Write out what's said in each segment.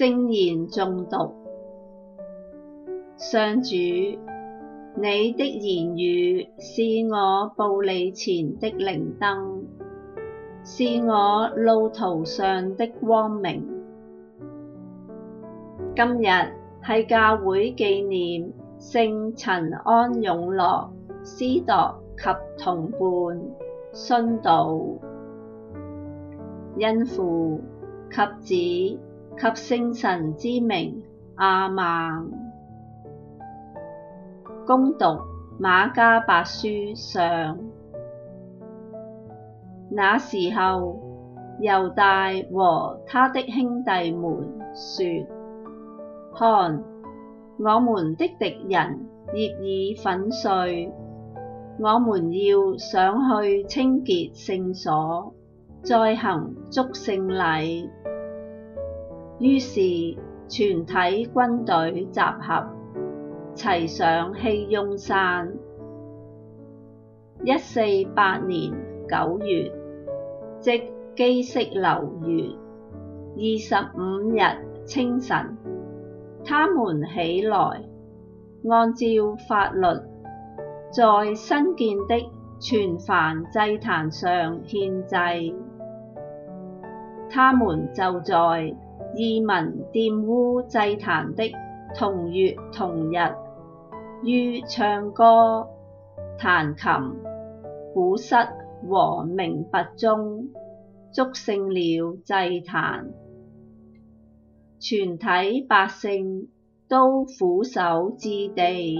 .聖言誦讀。上主，你的言語是我步履前的靈燈，是我路途上的光明。今日係教會紀念聖陳安勇樂、司鐸及同伴殉道，因父及子。及聖神之名阿曼，恭讀瑪加伯書上。那時候，猶大和他的兄弟們説：看，我們的敵人業已粉碎，我們要上去清潔聖所，再行祝聖禮。於是，全體軍隊集合，齊上熙雍山。一四八年九月，即基色婁月二十五日清晨，他們起來，按照法律，在新建的全燔祭壇上獻祭。他們就在。異民玷污祭壇的同月同日，於唱歌、彈琴、鼓瑟和鳴鈸中，祝聖了祭壇。全體百姓都俯首至地，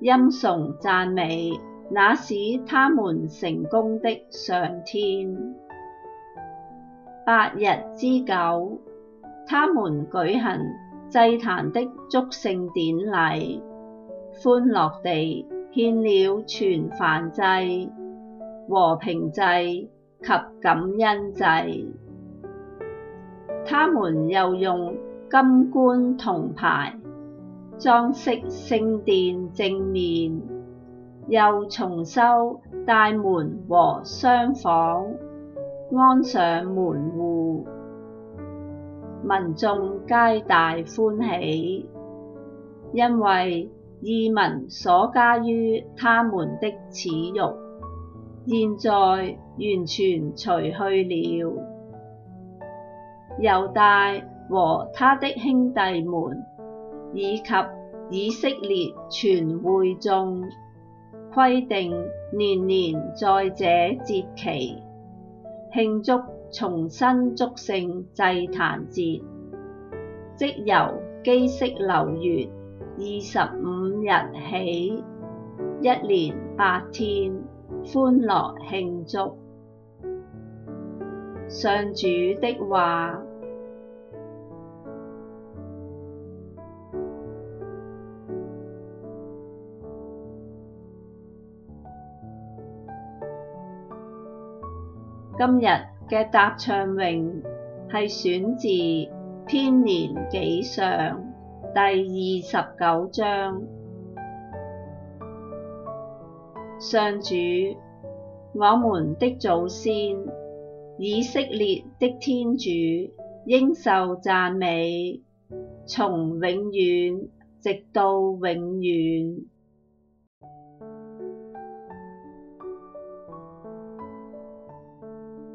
欽崇讚美，那使他們成功的上天。八日之久。他們舉行祭壇的祝聖典禮，歡樂地獻了全燔祭、和平祭及感恩祭。他們又用金冠銅牌，裝飾聖殿正面，又重修大門和廂房，安上門戶。民眾皆大歡喜，因為異民所加於他們的恥辱，現在完全除去了。猶大和他的兄弟們，以及以色列全會眾，規定年年在這節期慶祝，重新祝聖祭壇節，即由基色婁月二十五日起，一連八天歡樂慶祝。上主的話，今日嘅答唱詠係選自《編年記上》第二十九章。上主，我們的祖先以色列的天主應受讚美，從永遠直到永遠。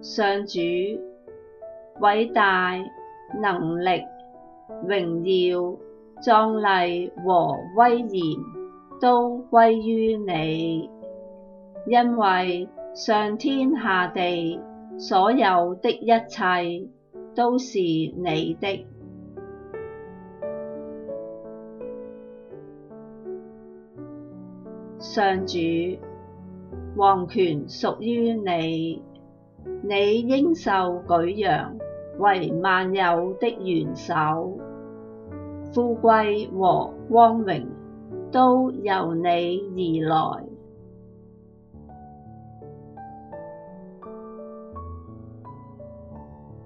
上主，偉大、能力、榮耀、壯麗和威嚴都歸於你，因為上天下地，所有的一切都是你的。上主，王權屬於你。你應受舉揚為萬有的元首，富貴和光榮都由你而來。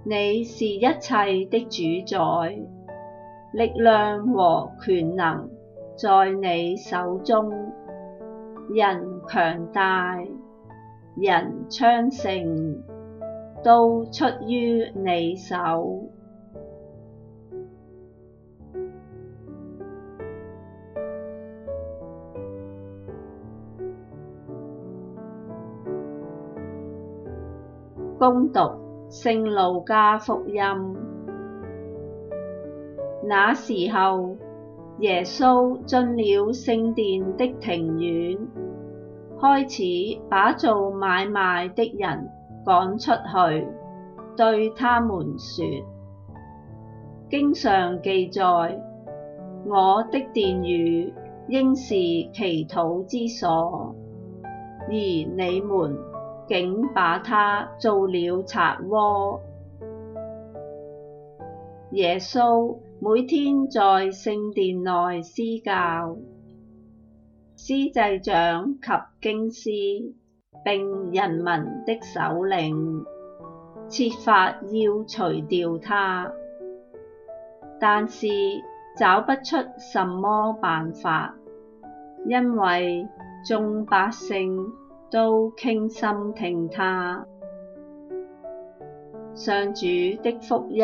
你是一切的主宰，力量和權能在你手中，人強大，人昌盛。都出於你手。恭讀《聖路加福音》。那時候，耶穌進了聖殿的庭院，開始把做買賣的人，趕出去，對他們說：經上記載，我的殿宇應是祈禱之所，而你們竟把它做了賊窩。耶穌每天在聖殿內施教。司祭長及經師並人民的首領，設法要除掉他，但是找不出什麼辦法，因為眾百姓都傾心聽他。—上主的福音。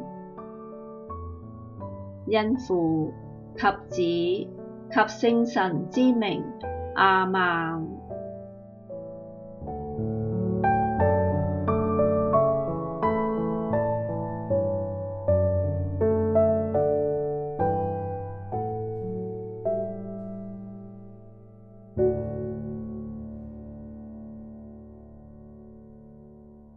因父及子及聖神之名，阿曼。